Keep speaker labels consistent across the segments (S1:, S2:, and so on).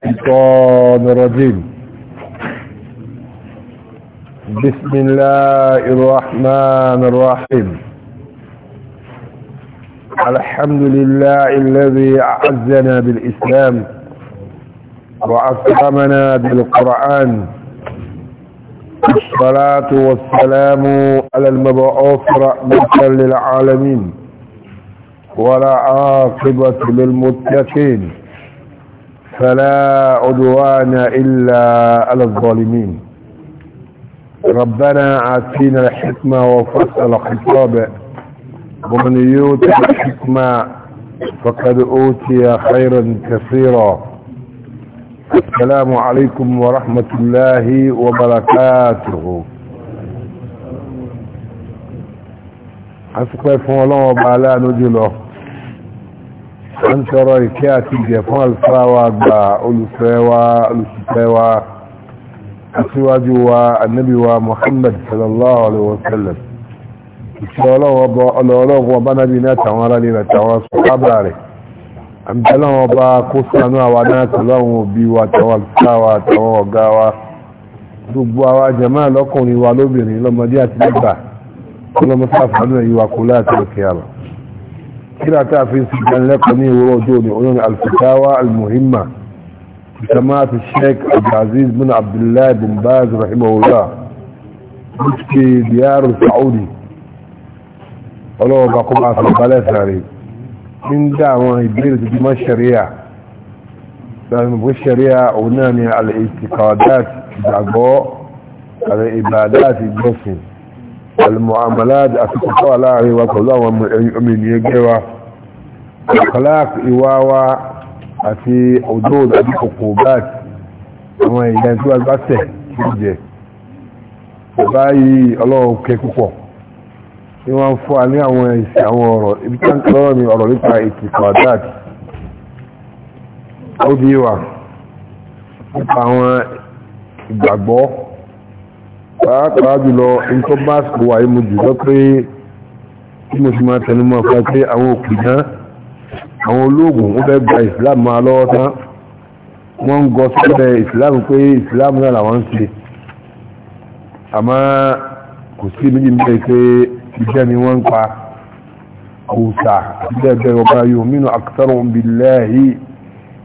S1: الشيطان الرجيم بسم الله الرحمن الرحيم الحمد لله الذي أعزنا بالإسلام وأكرمنا بالقرآن الصلاة والسلام على المبعوث رحمة للعالمين ولا عاقبة للمتقين فلا عدوان إلا على الظالمين ربنا عاتينا الحكمة وفصل خطابه ومن يوت الحكمة فقد أوتي خيرا كثيرا السلام عليكم ورحمة الله وبركاته أسقف الله وبعلا نجله ń tọrọ ìkẹ́ àti ìjẹ̀ fún alfáwa gba olùfẹ́wa olùsìfẹ́wa aṣíwájú wa annabiwa muhammad sallallahu alaihi wasallam ìṣẹ́ ọlọ́wọ́ bá nábi náà tàwọn ará lè tàwọn sọ́ábà rẹ̀ àmìtẹ́lọ́wọ́ bá kó sánú àwa náà tàwọn òbí wa tàwọn sáwà tàwọn ọ̀gá wa gbogbo àwa jẹ́mọ́ lọ́kùnrin wa lóbìnrin lọ́mọdé àti nígbà ọlọ́mọ sáfà náà yíwa kó láti òkè àlọ́ كلا تعفي سجن لقني وروجوني قلون الفتاوى المهمة سماعة الشيخ عبد العزيز بن عبد الله بن باز رحمه الله مشكي ديار السعودي قالوا بقوم على البلاس عليه من دعوة يبير تجمع الشريعة لأن في الشريعة قلنا على الاعتقادات على العبادات الجسم المعاملات أفكتوا لاري وكلا ومن يجوا الخلاق إواوا أتي حدود أبي حقوبات وما يجانتوا البسه جيجي báyìí ọlọ́run kẹ púpọ̀ ní wọ́n fún wa ní àwọn ìsìn àwọn ọ̀rọ̀ ibi tí wọ́n lọ́rọ̀ ní ọ̀rọ̀ nípa ètò kọ̀dáàdì ó bí wà nípa àwọn ìgbàgbọ́ pàápàá jùlọ nǹkan bá sọ wà mú jùlọ pé tí mo ti máa tẹnumọ́ fún pé àwọn òkùnjá àwọn olóògùn ó fẹ́ gba islam máa lọ́wọ́ tán wọ́n ń gọ sílẹ̀ islam pé islam náà làwọn ń ṣe àmọ́ kò sí méjì mẹ́rin pé iṣẹ́ ni wọ́n ń pa kùsà bẹ́ẹ̀ bẹ́ẹ̀ ọba yóò mínú akitọ́rọ̀ billahi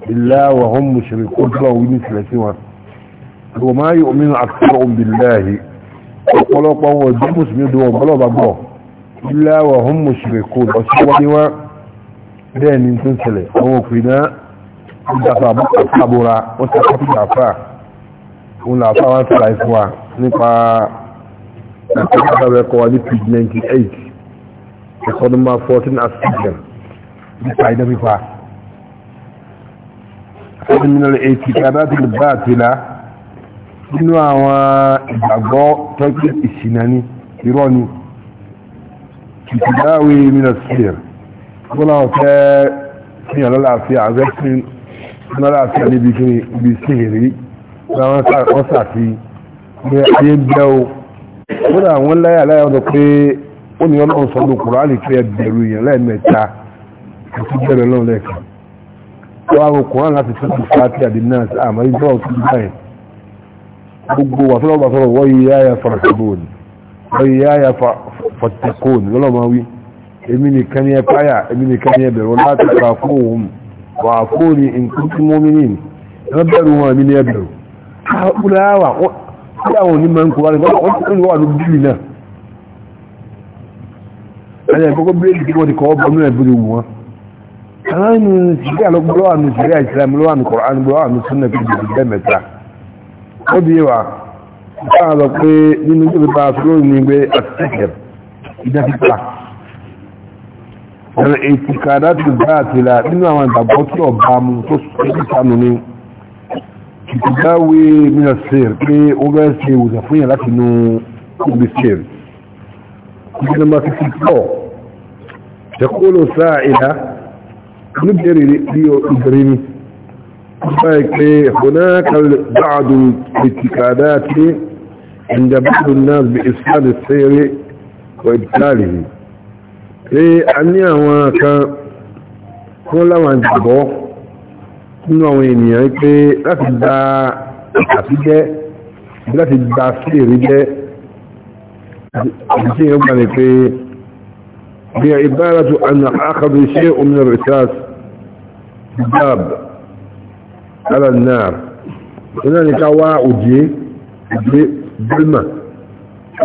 S1: billahi wa hum mushrikun tó wà wí ní ìsìlẹ̀ sí wọn وما يؤمن أكثرهم بالله ولو قوة جمس مدوم ولو بقوة إلا وهم مشركون وسواني دين تنسلي أو فينا ìjàfà àbúra wọ́n ti kọ́ ìjàfà òun làfà wọ́n ti láìfún wa nípa ìjàfà ẹ̀kọ́ wa ní page 98 ẹ̀kọ́ nọ́mbà 14 as season nípa ìdá fífa ẹ̀kọ́ nínú 80 kí a bá ti lè bá àtìlá nínú àwọn ìgbàgbọ́ tọ́jú ìṣìnà ní irọ́ ni ìtìdáwé minasir gbọ́láwọ̀ fẹ́ ní ọlọ́láàfíà àgbẹ́sìn ọlọ́láàfíà níbi kí ibi síhìrí wọ́n sàfi ní ayé bẹ́ o wọ́n àwọn láyà láyà ọ̀dọ̀ pé ó ní ọlọ́run sọ ló kùrọ̀ àlè pé ẹgbẹ̀rù èèyàn lẹ́ẹ̀mẹ́ta àti bẹ̀rẹ̀ lọ́lẹ́kan wọ́n àwọn kùrọ̀ láti tún ti fàtí àdínà àmọ́ ìjọ́ ọ̀tún báyìí gbogbo wà fún ọba sọ̀rọ̀ wọ́n yíyá ya fàtàkùn wọ́n yíyá ya fàtàkùn lọ́lọ́mọ́wí èmi nìkan ni ẹ páyà èmi nìkan ni ẹ bẹ̀rù láti pa fún òun wà fún ní nǹkan tí mo mìíní ẹ bẹ̀rù wọn mi ni ẹ bẹ̀rù kúlẹ̀ àwà kí àwọn onímọ̀ ń kó wá ní wọ́n ti ń wà ní bíbí náà ẹ̀yẹ gbogbo bíréèdì tí wọ́n ti kọ́ ọbọ̀ náà ìbúrò ní sílẹ̀ ó bí wà sáà lọ pé nínú tó pípa sọ́rọ̀ ní gbé àtẹ́kẹ̀ ìdá pípa ẹ̀rọ ètìkà láti bá àtìlà nínú àwọn ìgbàgbọ́ tí ọba mu tó sánú ní ìgbàwé mílíọ̀sẹ̀r pé ó bẹ́ẹ̀ ṣe ìwòsàn fún yàn láti nú kúgbìsẹ̀r ìgbìnàmọ́ fífi pọ̀ tẹ̀kọ́lù sáà ìdá níbẹ̀rẹ̀ ìgbẹ̀rẹ̀ فاكي هناك بعض الاتكادات عند بعض الناس بإفساد السير وإبتاله لأني أماك كل ما انتبه كل ما ويني لا تدع أفجة لا تدع سير جة الشيء يبقى هي عبارة أن أخذ شيء من الرساس باب على النار هنالك واعجي بالماء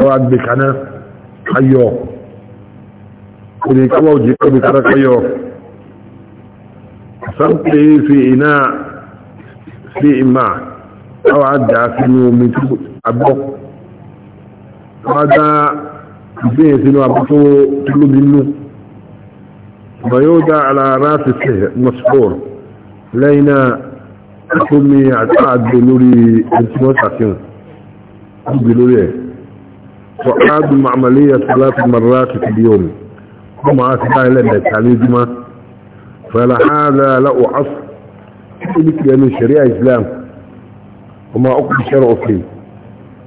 S1: وعد بكنا حيو هنالك واعجي بكنا حيو صمته في إناء في إماء أو عدى في يوم أبوك هذا فيه سنو أبوكو تلو منه ويوضع على رأس السهر مصبور لينا fún mi àgbè lórí ẹ̀tìwọ́n ṣàfihàn àgbè lórí ẹ̀ wọ́n ágbè màmàlẹ́ yàtọ̀ láti mara tuntun bí omi wọ́n máa ti bá ilẹ̀ mẹ́ta ní jùmọ́ fẹ́lá hádà láwọ̀ asù tí ó kìí ẹnu sharia islam wọ́n máa ọkùnrin ṣẹ́rọ̀ òfin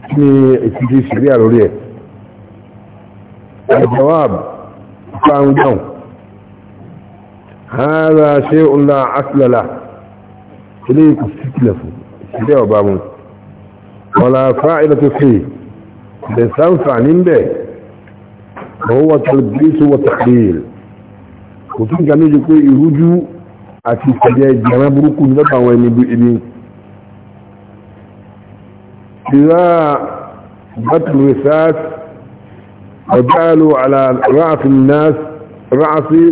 S1: tí ni ìtìjú sharia lórí ẹ̀ الجواب فان هذا شيء لا أصل له eléyìí kò sí tilẹ̀ fún ìṣẹ̀lẹ̀ ọba mu ọ̀la fáìlẹ̀ tó fi lè sáǹfà níbẹ̀ ọ̀hún wọ́n tẹ̀lé bí tó wọ́n tẹ̀lé kò tún ga méjì pé ìrújú àti ìṣẹ̀lẹ̀ ìjẹ̀rán burúkú ní lọ́pàá àwọn ẹni ibi ìlà bàtù rìsáàt ọ̀dáàlù àlà ráàfin náà ráàfin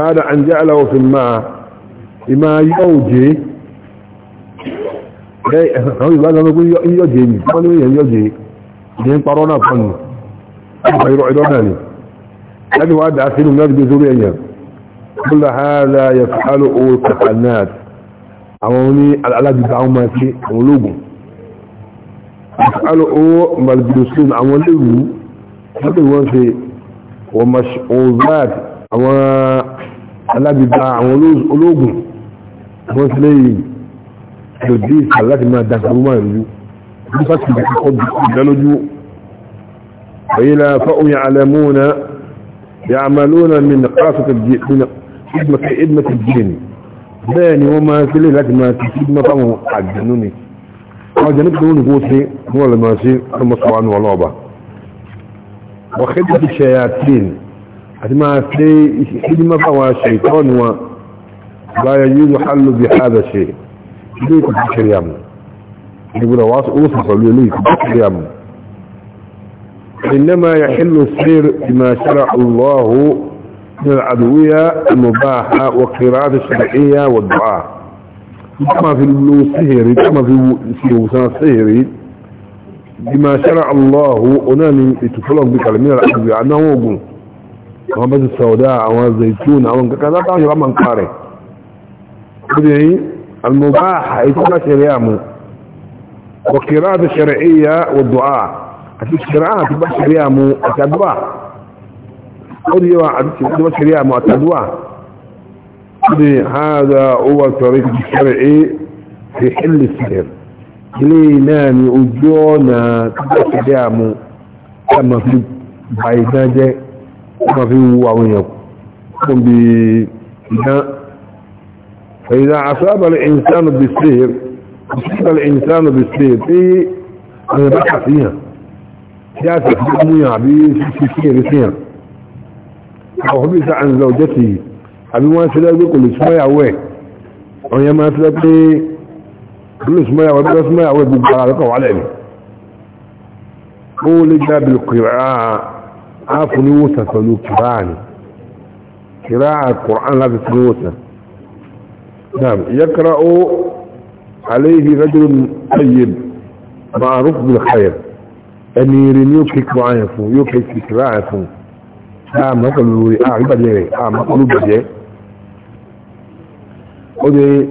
S1: بعد أن جعله في الماء ìmá yọ́ òjé àwọn ìgbàgbà gbogbo yọ́jé ní wọ́n ní èyàn yọ́jé ní ń parọ́ náà fọ́nù ọ̀pọ̀ ìrọ̀ ìrọ̀ náà ni láti wá dáa sínú láti gbé sórí èyàn kúlọ̀ hàádà yẹ fàálù owó kàkànáàt àwọn oní alájùgbà àwọn máa ṣe àwọn ológun fàálù owó malbidosin àwọn léwu láti wọ́n ṣe wọ́n maṣ àwọn alájùgbà àwọn ológun wọ́n ti léyìn lòdì ìsàlẹ̀ láti máa dàgbàrú máa rú nípa ti kọ́ ìdánlójú وإلى فهم يعلمون يعملون من قاسة الجين من خدمة خدمة الجين bẹ́ẹ̀ni wọ́n máa sílé láti máa ti sí mọ́ fáwọn àjẹ̀nú ni àwọn jẹ́nú tó nìkó sí wọ́n lè máa sí ọmọsọ̀wánú ọlọ́ọ̀bà wọ́n kéjì ti ṣẹ̀yà tíìn àti máa sí ìṣẹ́jú mọ́ fáwọn ṣẹ̀tọ́ọ̀nù wọn لا يجوز حل بهذا الشيء ليك بكر يامن يقول واس اوصف ليك بكر يامن انما يحل السير بما شرع الله من العدوية المباحة والقراءات الشرعية والدعاء كما في السهر كما في السهر السهر بما شرع الله أناني يتفلق من العدوية انا هو قل بس السوداء أو الزيتون أو كذا تعالى من قاره بدي المباح يكون شريامه مو والقراءة الشرعية والدعاء أتي الشرعة تبقى شريامه مو الدعاء قولي تبقى شريعة مو الدعاء هذا هو الطريق الشرعي في حل السحر ليه نامي وجونا تبقى شريامه مو كما في بايداجة كما في وعوين قم بي فإذا أصاب الإنسان بالسهر أصاب الإنسان بالسهر في أنا بقى فيها سياسة حكمية بسهر سهر أو حبيث عن زوجته أبي ما سلاك يقول اسمعي عوي وهي ما سلاك كل اسمعي عوي بقى اسمعي عوي بقى لك وعلى قول جاب القراءة نوسة فلو كراني قراءة القرآن لا تسنوتا نعم يقرأ عليه رجل طيب معروف بالخير أمير يوكيك معايفه يوكيك راعفه آه قلوري أعمى آه أعمى قلوري أعمى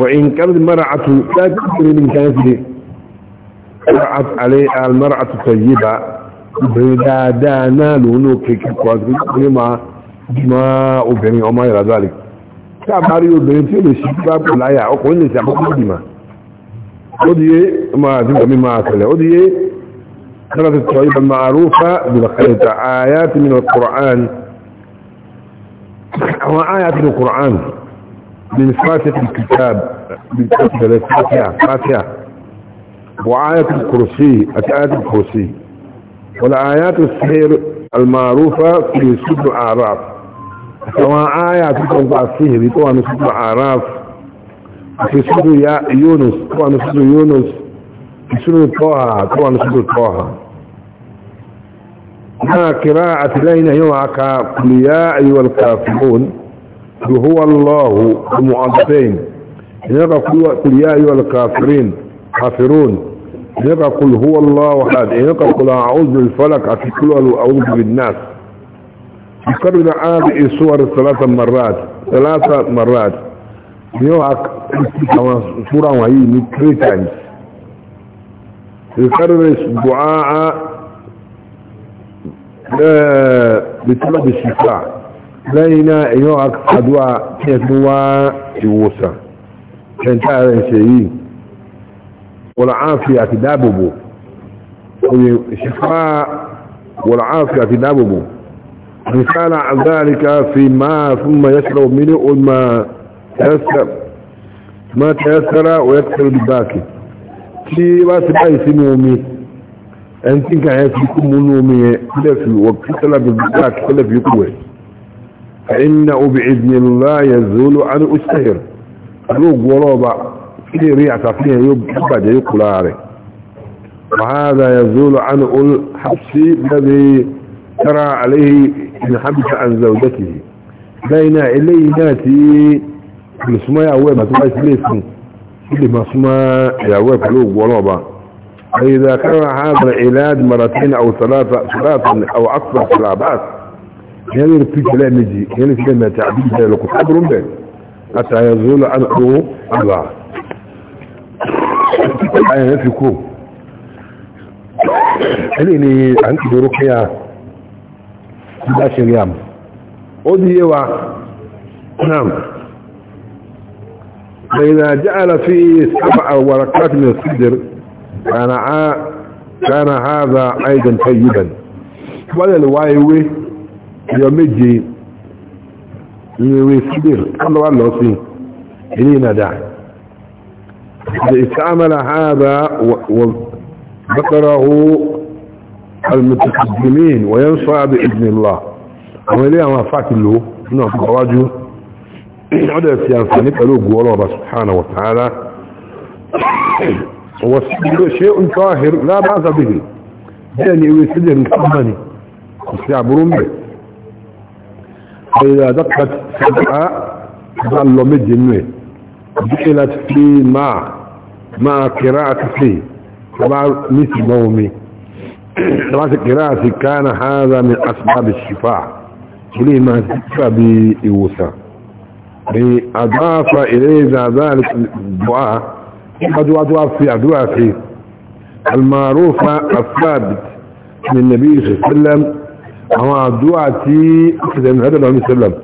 S1: وإن كانت المرأة لا تكثر من كافر مرأت عليه المرعة طيبة بدادانا لونوكيك وازمع بما وبني عمير ذلك táàbárí obìnrin tí ó lè ṣe bá bù láyà ọkùnrin lè ṣe àkókò ìdìmà ó di yé máa dìgbà mi máa tẹ̀lẹ̀ ó di yé sára ti tọ́ ibà máa rúfà bìlọ̀kẹ̀lẹ̀ta àyà ti nínú kùrán àwọn àyà ti nínú kùrán ní fàtíà ti kìtàb bìtẹ̀lẹ̀ fàtíà fàtíà wà àyà ti kùrùsí àti àyà ti kùrùsí wà àyà ti sẹ́r المعروفة في سد الأعراف سواء آية تكون فيه بيكوا نسبة عراف في سورة يونس كوا نسبة يونس في سورة طه كوا نسبة طه هو الله المؤذفين يبقى قلياء والكافرين كافرون هو الله أعوذ بالفلك أعوذ بالناس يقرن هذه الصور ثلاث مرات ثلاث مرات يوعك صورة وهي من تري يكرر دعاء بطلب الشفاء لينا يوعك أدواء تدواء يوسى كان تعالى شيء والعافية تداببه والشفاء والعافية تداببه فكان ذلك في ما ثم يشرب منه ما تيسر ما تيسر ويكسر بباكي كي باس باي سنومي انت كا يسيكم منومي كلفي وكسر بباكي كلفي كوي فإن بإذن الله يزول عن أشهر روق وروبا في ريعه فيها يبقى جيكولاري وهذا يزول عن الحبسي الذي ترى عليه إن حبس عن زوجته بين إليه ناتي لسما يا أوي ما تبعيش ليسم اللي ما سما يا أوي قلوب ونوبة فإذا كان هذا العلاج مرتين أو ثلاثة ثلاثة أو أكثر ثلاثات يعني في كلام يجي يعني في كلام تعبيد لك صبر به حتى يزول عنه الله أنا فيكم هل إني عندي رقية láti bá ṣe rí àmù ó di yé wa náà bẹ̀yìnà jáàlá fi sábà àwọ̀rọ̀ káàkiri sídìr kana haza aidan tayyiban wọ́n lè wá ewé ẹyọ méje ìwé sídìr kọ́lọ́wà lọ sí ilé ìnàdà إذا استعمل هذا وذكره المتقدمين وينصع بإذن الله وليه ما فاتلو انه في الرجل عدد سيانسان قول الله سبحانه وتعالى شيء طاهر لا بأس به يعني ويسجل مصمني يستعبرون به فإذا دقت سبعة ظلوا مجنوه دخلت في مع مع قراءة فيه فبعض مثل مومي رأس القراءة كان هذا من أسباب الشفاء وليه ما شفى بيوسى أضاف إليه ذلك الدعاء قد أدعى في أدعاء في المعروفة الثابت من النبي صلى الله عليه وسلم هو دعاء في هذا النبي صلى الله عليه وسلم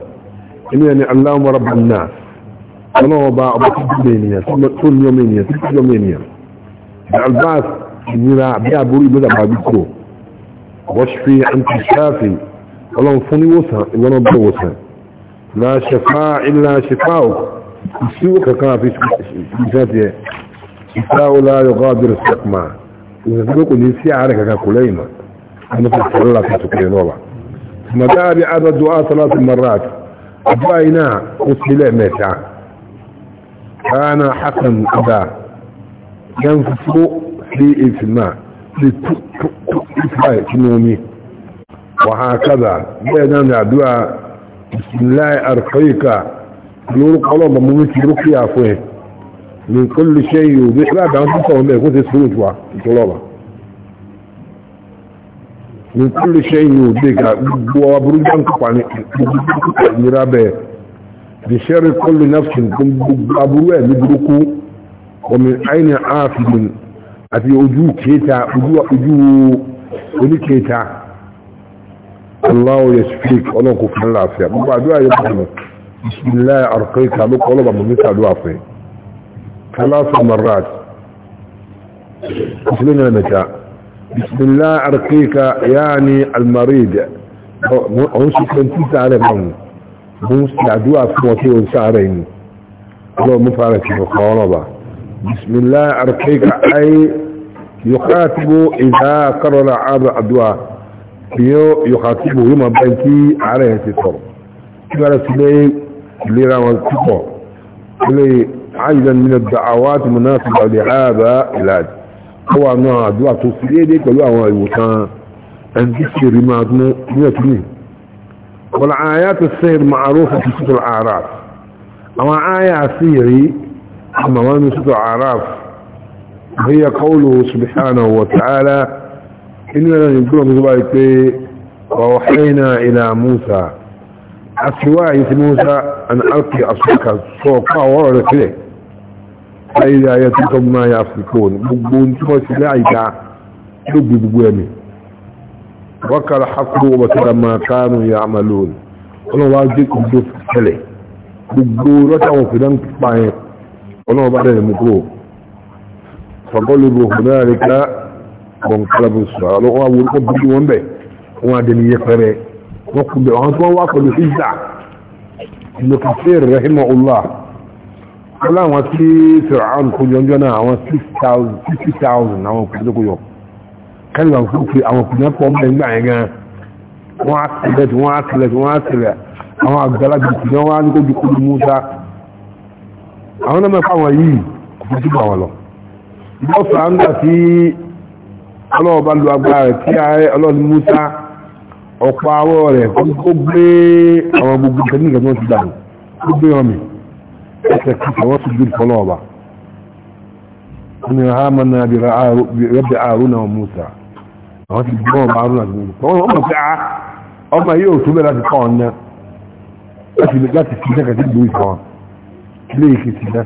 S1: يعني اللهم رب الناس اللهم بأبطل يومينيا ثم يومينيا ثم يومينيا الباس ìnira àbí àbúrú ìmọ́dàbà gbígbò wọ́ṣfí àǹtìṣáàfì ọlọ́run fún níwòsàn ìwọ́nà bẹ́ wòsàn la ṣẹfà ilá ṣẹfà ò ìṣíwò kankan àfi ìṣẹ́tì ẹ̀ ìṣá ó láàrín ọgá ọdún sẹ́kùmá ìṣẹ́tì kò ní sí ààrẹ kankan kò lẹ́yìn náà wọ́n fi sọ̀rọ̀ láti tukẹ̀ náà mọ̀dáàbí adájọ́ àtàlátì marat àbúrà iná ó sílẹ̀ mẹ́ta kana hakan ada yan fito 389 325 kí ni omi wàhákàdà bẹ́ẹ̀ náà ni àdúrà bismillah arfaika lórúkọ ọlọ́mọ mú sí rúkìá fún ẹ ní kó lè ṣe yóò bí láàdá ń sọ̀rọ̀ mẹ́ kó ti sùúrù tó wa ìtọ́lọ́ba ní kó lè ṣe yóò bí ká gbogbo aburú jẹ́ nkọ́pa ní gbogbo ìnira bẹ́ẹ̀ bí ẹ̀ ní burúkú omi àìní ààfin أن أن أن أن ati أن keta oju oju oni keta أن yashfik olon ko fun lafiya أن ba dua yi ko bismillah أن lu ko lo ba dua أن ثلاث مرات مثلنا المتاع بسم أن أرقيك يعني المريض ونسو كنتيت أن من ونسو كنتيت على من أن كنتيت على من ونسو كنتيت أن من ونسو كنتيت على من بسم الله أركيك أي يخاطب إذا قرر هذا الدعاء يخاطبه يوم بنتي عليه تطر قال سلي لرا والتطر لي عيدا من الدعوات المناسبة لهذا العلاج هو أن دعاء توصيلي ديك ولا هو يوتان أن تسير ما أدنو والآيات السير معروفة في سورة الأعراف أما آية سيري حموان سورة عراف هي قوله سبحانه وتعالى إننا نقول بذلك ووحينا إلى موسى أسواعي في موسى أن ألقي أصبك سوقا ورد كده فإذا يتكم ما يأفكون بقون توسي لعيكا يبي بقوامي وكال حقه وكال ما كانوا يعملون ولو واجدكم دوف كله بقورة وفدان كبائر ọlọ́wọ́ bá dẹ̀ mú kúrò fagọ́lùbù hùnáríká bọ̀nkálàbù sùrà ọlọ́wọ́ àwọn orúkọ bí wọ́n bẹ̀ wọ́n adẹni yẹpẹrẹ wọ́n kú bẹ̀ wọ́n tó wá pẹ̀lú ìjà lókàfẹ́ rahimu allah wọ́n àwọn tí fìràn kó yọjọ́ náà àwọn 60,000 àwọn òkúta kó yọ kẹ́lẹ̀ àwọn òkúta pọ̀ mẹ́ gbà yẹn gan wọ́n á tẹ̀lẹ̀ wọ́n á tẹ̀lẹ̀ wọ́n á tẹ̀lẹ̀ àwọn àgbàlagbà kùnà wọ́n á ní kó dùkú musa àwọn náà mẹ́fà wọn yìí kò fi túbọ̀ wọn lọ bọ́ọ̀sà ń gbà tí ọlọ́ọ̀bá lu agbára rẹ̀ tí ààrẹ ọlọ́ọ̀ni Musa ọ̀pọ̀ awọ́ rẹ̀ ó gbé àwọn gbogbo mi ẹsẹ̀ kìtà wọ́n ti gbé fọlọ́ọ̀bá ni hamana aruna wa musa àwọn ti gbọ́n ọmọ aruna ti musa wọ́n mọ̀ pé a ah, ọmọ yóò túnbẹ̀ láti kọ́ ọ̀nà láti fi lẹ́kàtí ìgbò ìfọ́n ilé ìkìtì náà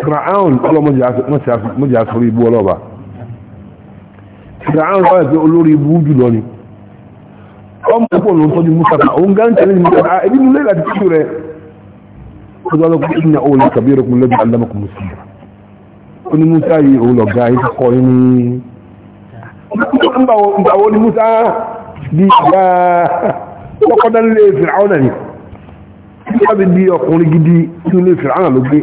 S1: fìràáhùn ọlọ́mọdé àsorí ibú ọlọ́ba fìràáhùn ọlọ́ba olórí ibú jùlọ ni ọmọ púpọ̀ ló ń tọ́jú mùsàkà òun gá ń tẹ̀lé ní mùsàkà ah, ebi nílé láti kíkú rẹ̀ ó gbá lọ́kùn ní ìyá òòlù tàbí ẹ̀rọ kún lẹ́bí alámọ̀kùn sí i ó ní musa yìí òun lọ̀gá yìí kọ́ yìí ní ń bá wọn ní nígbà bí di ọkùnrin gidi tí ó lè fi ránà ló gbé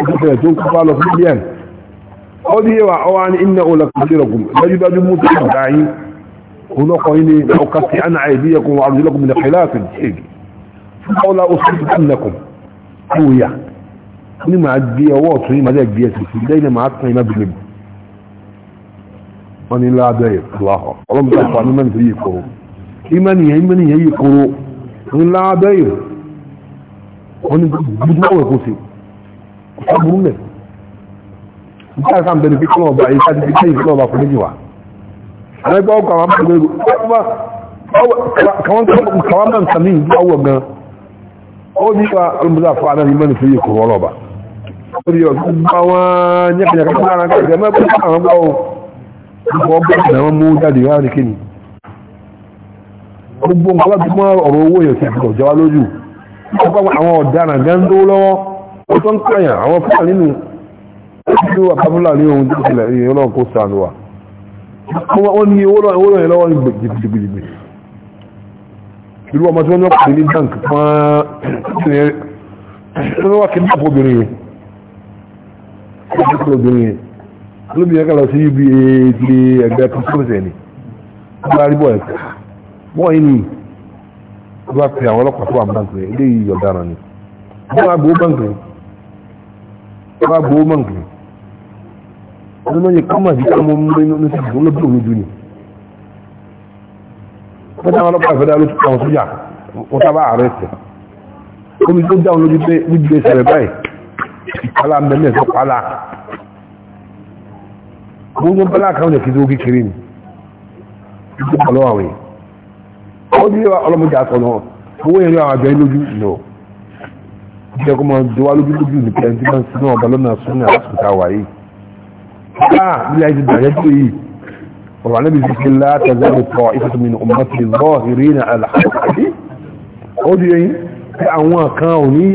S1: ọkùnrin tó ń kópa lọ fún díẹ̀ ó ní yẹwà ọwá ní iná ọlọ kìí rọgùn dájúdájú mú tó ń gbà yín olókọ yín ni ọkà sí àná àìdí ẹkùn wà lójú lọkùnrin nàfẹ́ láàfin jẹ́gì fún ọlá oṣù tó ń nàkùn tó yà ní màá gbé ọwọ́ ọ̀tún yìí màá gbé ẹsẹ̀ sí lẹ́yìn màá tán iná bìlẹ̀ wọn ni lábẹ́ ìfúláhọ̀ ọlọ́mọdé ńlá abẹ́yò wọ́n ní gbogbo àwọn èkó sí ọ̀pọ̀lọpọ̀ mẹ́ nígbà sáà ń bẹ̀rẹ̀ pé kọ́nà ọba yìí sáà ti fi kọ́nà ọba fún méjì wá alẹ́gbẹ́ ọkọ̀ àwọn àpẹẹrẹ kàwọn náà sàmì ìlú awọ gan ó ní wa alùmọ́sá fún anáà ìmọ̀ nífẹ̀ẹ́ yìí kò rọ́ ọba ó ní ọdún bá wọn nyẹ́kẹ̀nyẹ́kẹ́ fún ara ń kẹ́kẹ́ mẹ́kọ́ àwọn ọgbà ó ń bọ́ ọgbà ìdáwọn mú jáde wá ní kíni gbogbo nǹkan láti mọ́ ọ̀rọ̀ owó yẹn kìí kọ̀ jẹ́wá lójú ọgbà àwọn ọ̀daràn gándó lọ́wọ́ ó tó ń kàyàn àwọn fúlà nínú ìlú àbáfúlà ní ohun tó tilẹ̀ ìyẹn ọlọ́run kó sànù wa wọ́n ní owó yẹn lọ́wọ́ ní gbìgbìgbìgbì ìlú ọmọ tí wọ́n yọkọ̀ ní bank wọ́n wá kí dáàbò obìnrin yẹn kí obìnrin yẹn olóbìnrin yẹn kà lọ sí ibi ẹgbẹ́ kọ́sọ́ọ̀sẹ̀ ni wọ́n bá rí bọ́ọ̀ ẹ̀ka wọ́n yìí ni wọ́n bá fi àwọn ọlọ́pàá tó wà báńkì rẹ̀ eléyìí ọ̀daràn ni wọ́n bá gbowó báńkì rẹ̀ wọ́n bá gbowó báńkì rẹ̀ wọ́n lọ́yẹ kọ́mà sí káwọn ọmọ inú ní sí ìdúró lọ́dún òní jù ni wọ́n táwọn ọlọ́pàá ìfẹ́dá ló tún àwọn sójà wọ́n sábà ààrẹ ẹ̀sẹ̀ omi tó dáhùn lójú pé níbi ẹsẹ̀ rẹ̀ báyìí ìpalá mẹ́mẹ́ ẹ̀sọ́ ó ní ọlọ́mọdé àtọ̀nà owó eré àwọn àgbẹ̀ lójú lọ jẹ́ kó máa dọ́wà lójú lójú ní pẹ̀lú náà sínú ọba lọ́nà súnmọ́ àsìkò tá a wà yìí káà nílẹ̀ ayé ti bàjẹ́ tó yìí ọ̀rọ̀ anábì fi ṣe láta zẹ́lẹ̀ tọ́ ìfẹ́tọ̀mí ní ọmọ ti lọ́ eré ní àlàkàkì ó di yẹn pé àwọn kan ò ní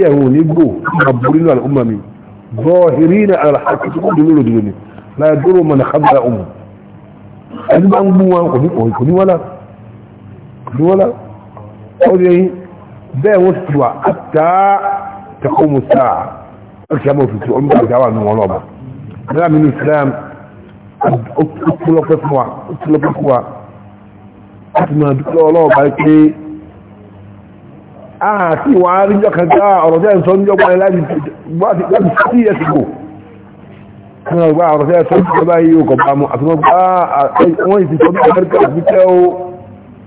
S1: yẹ̀ dole aure bai wasu wa hatta ta kuma sa ƙarshe mai fito an ba gawa nan wani ba na min islam ọ̀pọ̀lọpọ̀lọpọ̀ àti ma dúkọ́ ọlọ́ọ̀bá pé a ti wà rí jọ kan gáà ọ̀rọ̀ jẹ́ ìsọ́ níjọ́ pàdé láti sí ẹ̀sìkò ní ọgbà ọ̀rọ̀ jẹ́ ìsọ́ níjọ́ báyìí ò kọ̀ bá mú àti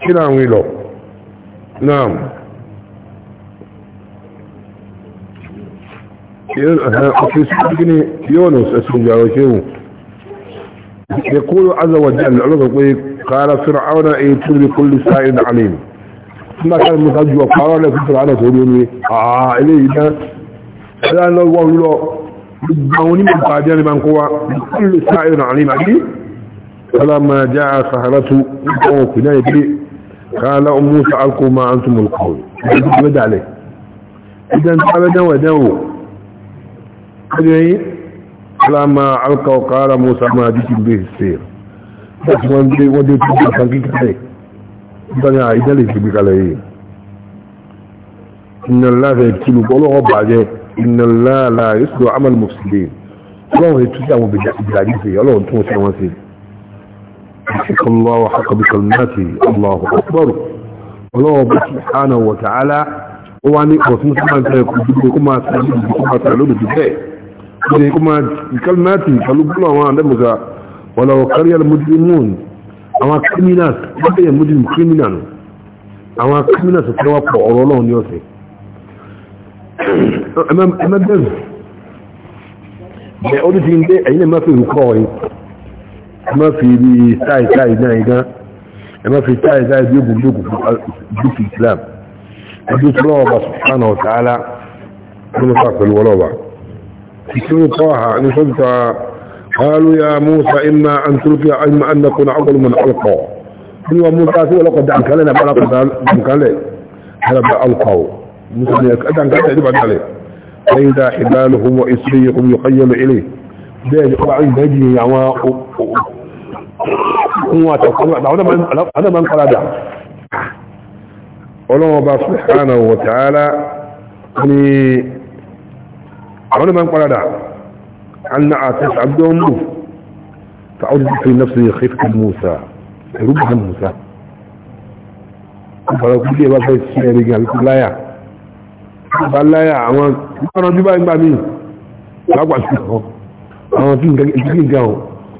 S1: kí láwọn ìlọ̀ náà يونس اسم جاوشيه يقول عز وجل قال فرعون ايتوا بكل سائد عليم ثم كان المتجوى قال لك فرعون تقولون لي اه اليه ده لا لا والله بدعوني من بعدين من قوة كل سائد عليم عليم فلما جاء سهرته قوة كناية قال أم موسى ألقوا ما أنتم القول بدا عليه إذا انت أبدا ودوا لما ألقوا قال موسى ما جيت به السير بس ودي ودي تبقى تنكيك عليه بني عيدا لي تبقى عليه إن الله سيبتلوا قولوا بعد إن الله لا يسلو عمل مفسدين الله يتسلوا بالعجيسي الله انتم سيوان سيدي حق الله وحق بكلماته الله أكبر الله سبحانه وتعالى هو أن يقصن سبحانه وتعالى كما تعلم كما تعلم بجاه كما بكلماته فلو الله وانا نبغى ولو كره المجرمون أما كريمينات لدي مجرم كريمينان أما كريمينات تتوقع أولون يوسف أمام أمام دم لأولي دين دي أين ما في ركاوه ẹ má fi ibi táì táì náà igán ẹ má fi táì táì bí ogun bí ogun islam ẹbí tó lọ́wọ́ bá sùpánà ọ̀tàálá nínú fà pẹ̀lú ha ní قالوا يا موسى إما أن تلقي إما أن نكون أول من ألقى هو موسى سوى لقد دعنك لنا بلا قد دعنك لنا هذا موسى دعنك لنا يبعد عليه فإذا حبالهم وإسريهم يخيل إليه ذلك وعين هدي يعواء òun àtàkùn àdàmà ń paradà ọlọ́wọ́ bá subhanahu wa ta'ala ni àdàmà في نفسي خفة موسى ربها موسى فلو كنت يبقى في السياري قال لا يا قال لا يا عمان انا دي باين بامين لا قوى شكرا انا تين كاو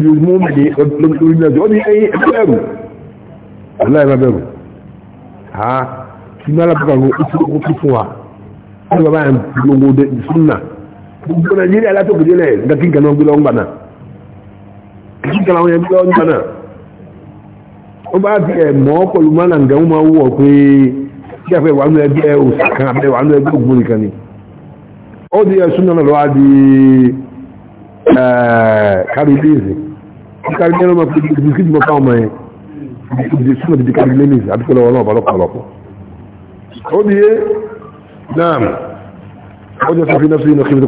S1: bí mú mẹ́lẹ̀ lórílẹ̀-èdè ó ní ẹyìn ẹgbẹ̀rù aláìmọ́bẹ̀rù ha kí máa lábẹ́ àwọn ìṣòro kí fún wa wọ́n bá báyìí gbogbo súnà gbogbo nàìjíríà látòkè délẹ̀ nga kí nǹkan náà gbé lọ́wọ́ gbànà kí nǹkan àwọn yẹn gbé lọ́wọ́ gbànà ó bá tiẹ̀ mọ́ pẹ̀lú mọ́nà nǹkan wọn máa wọ̀ pé kí àfẹ́ wà nù ẹgbẹ́ òsà kan àbẹ́ wà nù ẹgbẹ́ ògbó nìkan ni ó di ẹ̀ súnà náà lọ́wọ́ di kárí bíìsì kíkàrí ní ọmọ fún ibi kí jùlọ fáwọn ọmọ yẹn ibi súnmọ́ ibi kíkàrí ní ìsìn àbíkọ́ lọ́wọ́ náà ọ̀pọ̀lọpọ̀ ó di yé náà ó jẹ́ sọ́fí náà sí inú kíbi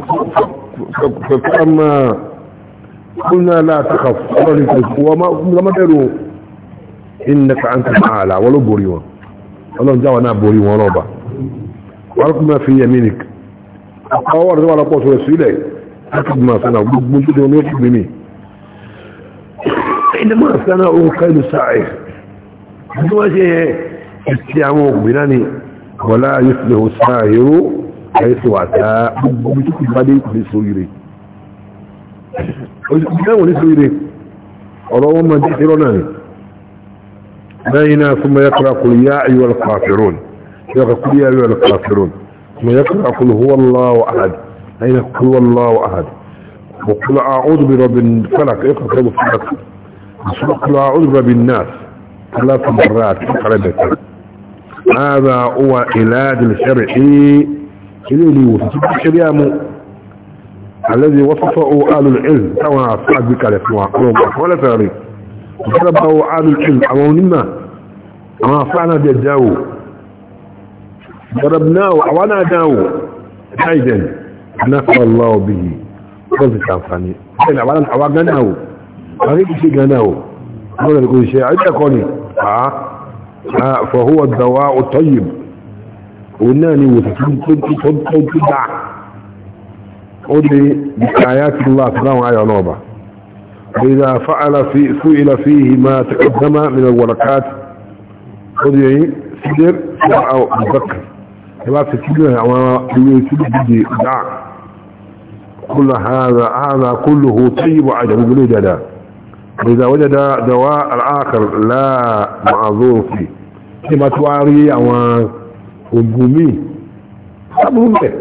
S1: fẹ́fẹ́ ọmọ kúnná látàkà fọ́lọ́ ní kò wọ́n máa bẹ̀rù iná ka an tàbí àlà wọ́n ló borí wọn ọlọ́run jáwọn náà borí wọn lọ́ba wọ́n kúnná fi yẹ mínik àwọn ọ̀rọ̀ tó wà lọ́pọ̀ sọ̀rọ̀ sílẹ̀ láti gbọ́n sọ́nà gbogbo tó dé wọn ló fi gbé mi وإنما قيد كيد هذا وجه استعموه بناني ولا يفله ساهر حيث وعتاء أتى بمتك الملك سويري بنانه لسويري ولو ما تحرناني بينا ثم يقرأ قل يا أيها الكافرون يقرأ قل يا أيها الكافرون ثم يقرأ قل هو الله أحد أين قل هو الله أحد وقل أعوذ برب الفلك يقرأ قل الفلك أصبح لا عذر بالناس ثلاث مرات قربت هذا هو إلاد الشرعي اللي وصف الشريام الذي وصفه آل العلم سواء اصحاب بكالف ولا تاريخ وصفه آل العلم أمون نما اما فعنا بيداو ضربناه وانا داو حيدا نفر الله به رزق انفاني انا وانا حواقناه طريق في جناه هذا يقول شيء عندك ولي فهو الدواء الطيب وناني وتكون كنت والناني وتدع قولي بآيات الله سلام على نوبة وإذا فعل في سئل فيه ما تقدم من الورقات قولي سدر أو بكر لا تسلمها ويسلم بدي دع كل هذا هذا كله طيب وعجب قولي ده وإذا وجد دواء الآخر لا معذور فيه كما تواري أو وقومي أبهم به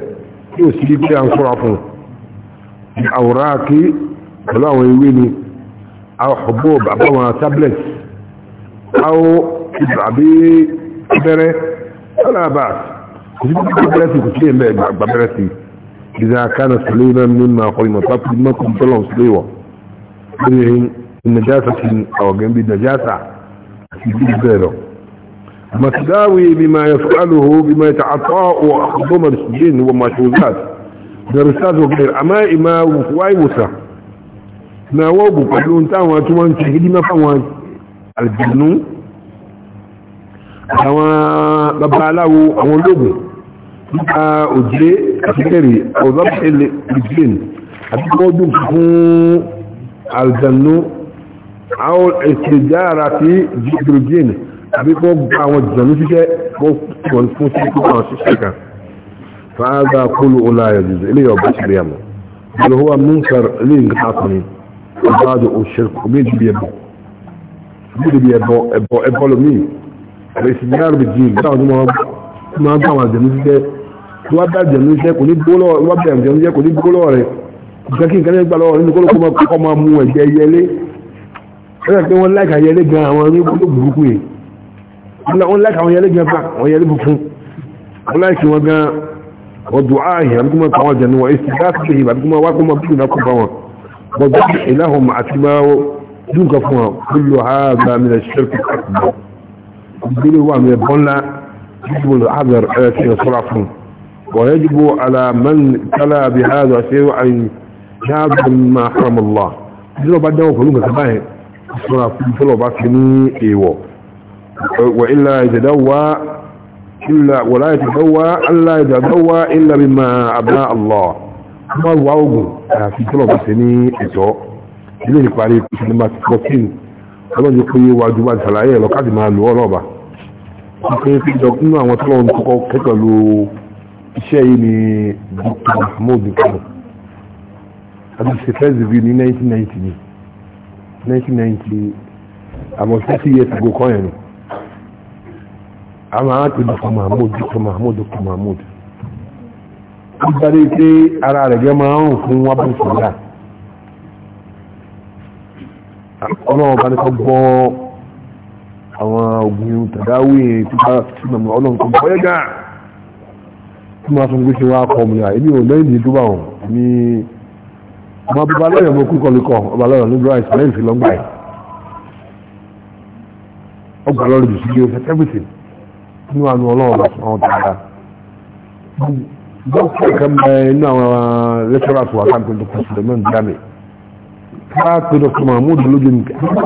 S1: يسلك عن صرفه أوراكي ولا ويويني أو حبوب أو تابلت أو إبعبي كبيرة ولا بأس إذا كان سليما مما قلنا طب ما كنت لهم سليوة النجاسة أو جنب النجاسة بيبيرو ما تداوي بما يفعله بما يتعطاء وخضم السجين ومشوزات درسات وغير أما إما وفواي وسا ما وابو قبلون تاوى توان تهدي ما فوان الجنو أما ببالاو أما لوبو nípa òjìlé àtikẹ́rì ọ̀zọ́pẹ̀lẹ̀ ìjìn àti kọ́ọ̀dùn fún àlùjànnú àwọn ìsìnjára tí hydrogen àbí kó àwọn jẹ̀lú ṣíṣẹ́ fún sí kó àwọn ṣíṣẹ́ kan fàáza kúlù ọláyà jùzọ ilé yọ bá ṣàrí àmọ́ bẹ̀rẹ̀ huwa munkar ilé nǹkan akọni ọjọ́ òṣèlú méjì bí ẹbọ méjì bí ẹbọ ẹbọ ẹbọ lomi àbí ìsìnjára bí jìn gbáwọn tó máa ń bá àwọn jẹ̀lú ṣíṣẹ́ tó wá bá jẹ̀lú ẹ̀rọ pé wọ́n láìka yẹlé gan àwọn onígbòlò burúkú yìí wọ́n láìka àwọn yẹlé gan bá wọ́n yẹlé funfun wọ́n láìka wọn gan ọdún ààyè àbíkúmọ̀ pàwọn jẹ̀ níwọ̀n èsì láti ìbà àbíkúmọ̀ wá kọ́mọ̀ bí ìnákù bá wọn bọ̀dọ̀ ìlàhùn àti máa dúnkà fún wọn kúlù ààbà mi lẹ́ṣẹ́kù àkùnbọ̀ ìgbélé wà mí ẹ̀bọ́n ńlá يجب الحذر التي يصرفهم ويجب على من تلا بهذا الشيء أن يعبد ما حرم الله يجب بعدهم فلوك سباهي suna kun fọlọ̀ bá ti ní èèwọ̀ wà ilá ìjẹ̀dáwà wàlá ìjẹ̀dáwà allá ìjẹ̀dáwà ilá bí ma abúlá allah kuma wà ogun àti fọlọ̀ bá ti ní ẹ̀tọ́ ilé ìparí kùsùn ma ti kọkín ọlọ́jọ́ pé wà ju bá ṣàlàyé ẹ̀lọ́ káàdì máa lù ọlọ́ba pé fíjọ nínú àwọn tọ́lọ́ kọ́kọ́ kẹ́kọ̀ọ́ lu iṣẹ́ yìí ni dr mahmoud kano àti ṣe ní 1990 1990 about 30 years ago kọ́ yẹn a máa tó dr mahmoud dr mahmoud dr mahmoud ó gbádé pé ara rẹ̀ gẹ́ máa ń fún wọn bó sọ́lá ọlọ́run bá ní kọ́ gbọ́ àwọn ògùn tàdáwì tó bá túnmọ̀ mọ́ ọlọ́run kọ́ gbọ́ yẹ́gà tí máa fún gbé ṣe wá kọ́ mìíràn èmi ò lẹ́yìn tó bá wọn ní ọmọ bíbá lọ́yọ̀ mọ́ kúkọ lukọ ọba lọ́yọ̀ ní bryce lẹ́yìn sí lọ́gbà ẹ̀ ọgbà lọ́rọ̀ jù sí ilé ọ̀sẹ̀ everything nínú àánú ọlọ́run lọ́sùn àwọn tààrà dókítà kan bẹ inú àwọn lecturers wà láǹpẹ̀ dr suleman jami ká pé dr mahmood lójú ní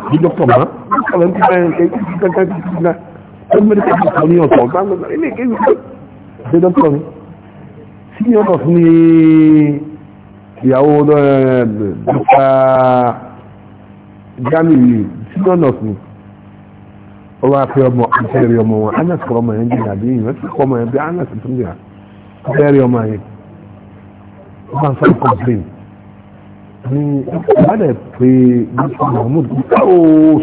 S1: kí dr ma kọlẹ̀ ní kíkà ní kíkà ní kíkà ó mẹ́rin ni senior of ni ìyàwó dọ́kà jamili sinonus ni ó wá pé ọmọ àtẹ́rẹ̀ ọmọ wọn anas kọ́ ọmọ yẹn jìnnà bí ìwé tí kọ́ ọmọ yẹn bí anas tó ń jìnnà àtẹ́rẹ̀ ọmọ yẹn ó máa ń sọ complain ní ìbádẹ́ pé bísí mahmood ó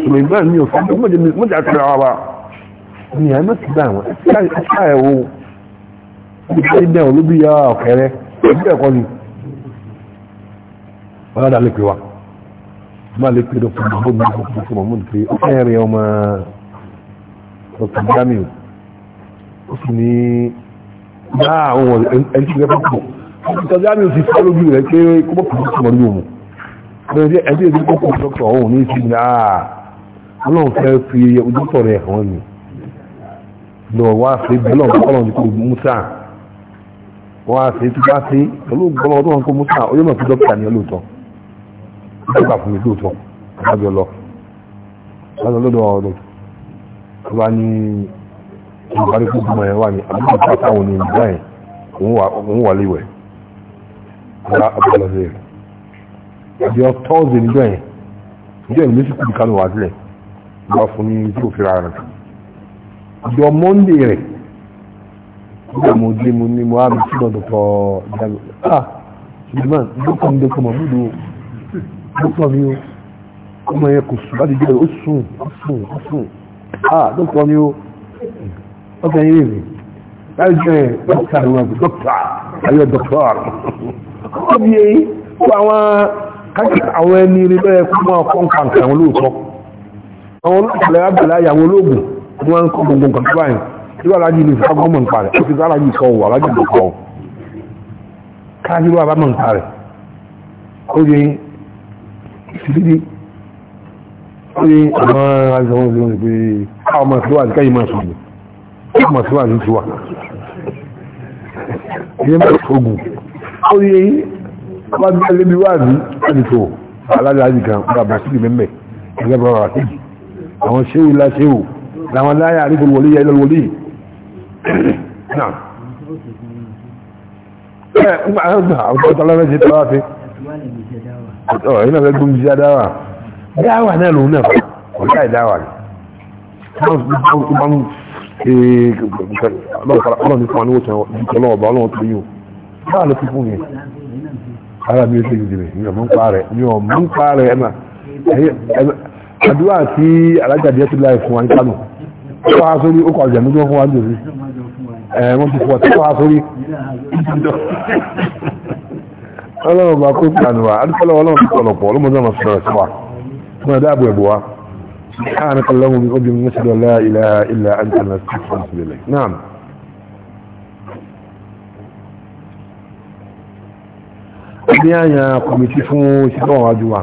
S1: suleiman ní òfin tó mọ̀jẹ̀ àtẹ́rẹ̀ wa ni àyè mọ̀ bá wọn ẹ̀ka ẹ̀wò ìbáyé bẹ́ẹ̀ olóbìyà ọ̀kẹ́rẹ́ ìbí ẹ̀kọ́ ni wọ́n dá lè pè wá má lè pè dọ́kítà mahmoud ní ọkùnrin fún mahmoud pé ó kẹ́rin ọmọ dr jamiu ó sì ní náà àwọn ẹni tí wọ́n fún dr jamiu sì fọ́ lójú rẹ̀ pé kó bọ́ pẹ̀lú ìtumọ̀ ní òun bẹ́ẹ̀ ni ẹni tí wọ́n fún dọ́kítà ọ̀hún ní ìsìn náà ọlọ́run fẹ́ fi ojú tọ̀ rẹ̀ hàn mí lọ wá sí bẹ́lọ̀ ọlọ́run ti kó musa wá sí tí wá sí olóògbọ́n ọdún ọkọ̀ musa ó yẹ mọ̀ fún dókítà ní olóòótọ́ nígbà fún mi lóòótọ́ lábẹ́ ọlọ́ lọ́dọ̀ lọ́dọ̀ ọ̀rọ̀ tó bá ní ìbárí fún ọmọ ẹ̀ wà ní àbúrò tó táwọn ní ìgbà ẹ̀ òun wà léwẹ̀ ọ̀rá abúlọ̀ sí rẹ̀ àbí ọ̀tọ́ọ̀zẹ̀ níjọ́ ẹ̀ níjọ́ ẹ̀ lóṣù kùdù kánú wà sílẹ̀ lọ fún ní tí òfin ara rẹ̀ ọjọ́ mọ́ndé rẹ̀ nígbà mo dé mo ní mo á mi sí lọ́dọ̀ tọ́ ìdájọ́ ah ṣùgbọ́n dókòmdókòmọ̀ mú dókítà mi o ọmọ yẹn kò sùn láti jẹ́ ó sùn ó sùn ó sùn ah dókítà mi o ọkọ̀ yẹn rèé láti jẹ́ dókítà ni wọ́n dókítà ayọ̀ dókítà ó bí i kó àwọn káàkiri àwọn ẹni rí bẹ́ẹ̀ kó máa kọ́ nǹkan kan àwọn olóòótọ́ olóògùn wọ́n ń kọ́ gbogbo nǹkan tó báyìí tí wọ́n alájí ní ìfọ́gọ́mọ̀ nǹkan rẹ̀ ó ti gbá alájí kọ́ wọ̀ alájí kọ́ káàkiri wọ́n abámọ̀ rẹ̀ ìṣìdídí ó ní àwọn àìsàn ìlú rẹ̀ pé káwọn máa fi wà ní káyìí máa sùn ní káwọn máa fi wà ní ti wà ní ẹgbẹ́ ogun ó ní wá bí ẹlẹ́bí wà ní àdìtò aládàájì kan bàbá sí ìmẹ́mẹ́ ẹgbẹ́ bàbá wà sí àwọn ṣéwù ilá ṣéwù làwọn láyà àríkò wọlé yẹ ilẹ̀ wọlé náà ẹ̀ ń gbà àwọn ọ̀dọ́ ọ̀dọ́ ọ̀ iná fẹ́ gbóhùn jíjá dáwà dáwà náà lòun náà ọ̀gá ìdáwà rẹ̀ ọlọ́run fún wa ní wòtò ìjọlọ́ ọba ọlọ́run tó yíò báà ló fi fún mi ara mi ò ṣe ìdìbò mi ò mọ̀ ń pa rẹ̀ mi ò mọ̀ ń pa rẹ̀ ẹ̀mà àdúrà tí alájàdí ẹ̀ ti láì fún wa ní kánò tó wá sórí ó kọ̀ ọ̀jẹ̀ mi tó fún wa ní òfin ẹ̀ wọ́n ti fún wa tó wá sórí ọlọ́run bá kó tànù wa adúpọ́lọ́ ọlọ́run tó tọ̀lọ̀pọ̀ ọlọ́mọdé ọmọ sọ̀rọ̀ sí wa fún ẹ̀dá àbò ẹ̀bọ̀ wa káàrin kọlọ́mù bí obìnrin mẹ́sàn-án la ilaha illa anta astaghfiruka naam ní àyà kọmìtì fún ìṣẹ́fẹ́ wọn wájú wa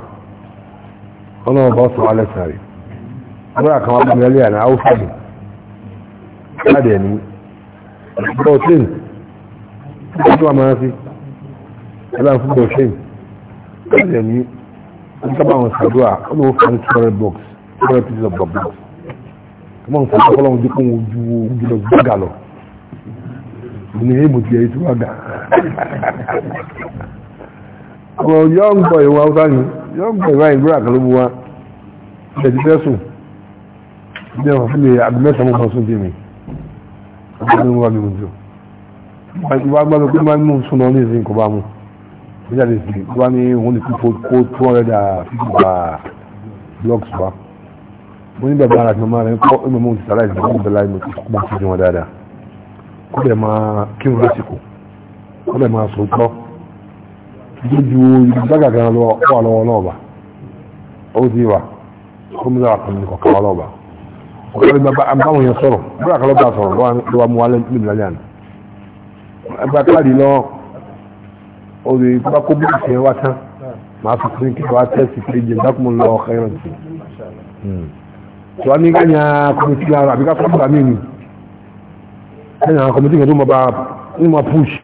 S1: ọlọ́run ẹ̀lá fún bọ̀ ṣe ẹ̀lẹ̀ ní wọ́n tábà wọn sàdúrà ó lọ́wọ́ fún ní two hundred bucks two hundred pieces of box ọmọ nǹkan tó kọ́lọ́wọ́n dípò wọn ju ojú lọ gbága lọ ní èèmù tiẹ̀ ètò àgà ọ̀rọ̀ yọ́n gbọ́ ìwà ọ̀tá ni yọ́n gbọ́ ìwà ìgbéra àkàlọ́ bu wa ilẹ̀ ti fẹ́ sùn ilé wọn fún mi àbí mẹ́ta mọ́ kan sún dé mi ọ̀gá mi wà mí mu jù wọ́n gbàgbọ́ pé máa ń mú sùn lọ ní ìsìn kò bá mu nígbà tí ìsìn wá ní òun lè kó two hundred and fifty ba blocks wa mo ní bàbá ara àti màmá rẹ̀ kọ́ ẹ̀mọ̀ mọ̀ òtítà láìsí ìgbà ìgbà láì mọ̀ máa fi wọn dáadáa kó lè máa kírun lásìkò kó lè máa sọ tọ́ lójú ìgbàgà kan lọ wà lọ́wọ́ náà bá ó ti wà kó mú sára kan ní kọ̀ọ̀kan wà lọ́wọ́ bá ọ̀rẹ́ bàbá àbáwọn yẹn sọ̀rọ̀ bọ́lá kan lọ́ba sọ̀rọ̀ lọ́wọ́ mú wálé nílùú lálẹ́ àná oye ìfúnpá kó bíi ìfẹ́ wá tán màá fi fún kí wá tẹ́sí pé jẹ dákùnmọ́ lọ ọ̀kẹ́ rẹ̀ sí. tí wọ́n ní káyà kọ́mítì lára àbíká fún bàmí ni káyà kọ́mítì yẹn tó mọ̀ bá ń mọ̀ push.